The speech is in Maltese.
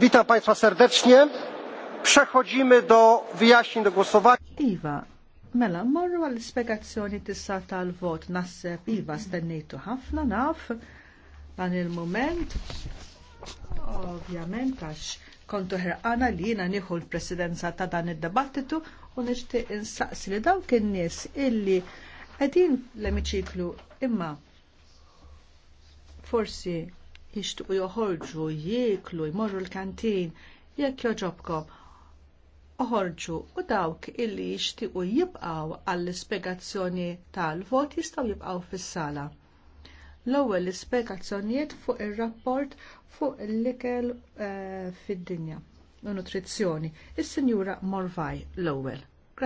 Witam Państwa serdecznie. Przechodzimy do wyjaśnień, do głosowania. Iva, mela, morru għall spiegazzjoni tissa tal-vot nasseb Iva stennejtu ħafna naf dan il-moment. Ovvjament għax kontu ħerqana li jina nieħu l-presidenza ta' dan id-debattitu u nixtieq insaqsi li dawk in-nies illi qegħdin l-emiċiklu imma forsi jixtuq joħorġu, jieklu, jmorru l-kantin, jekk joġobkom. Oħorġu u dawk illi jixtiequ jibqgħu għall-ispjegazzjoni tal-vot jistgħu jibqgħu fis-sala. L-ewwel ispjegazzjonijiet fuq ir-rapport fuq l-ikel uh, fid-dinja u nutrizzjoni. Is-Sinjura Morvaj l-ewwel.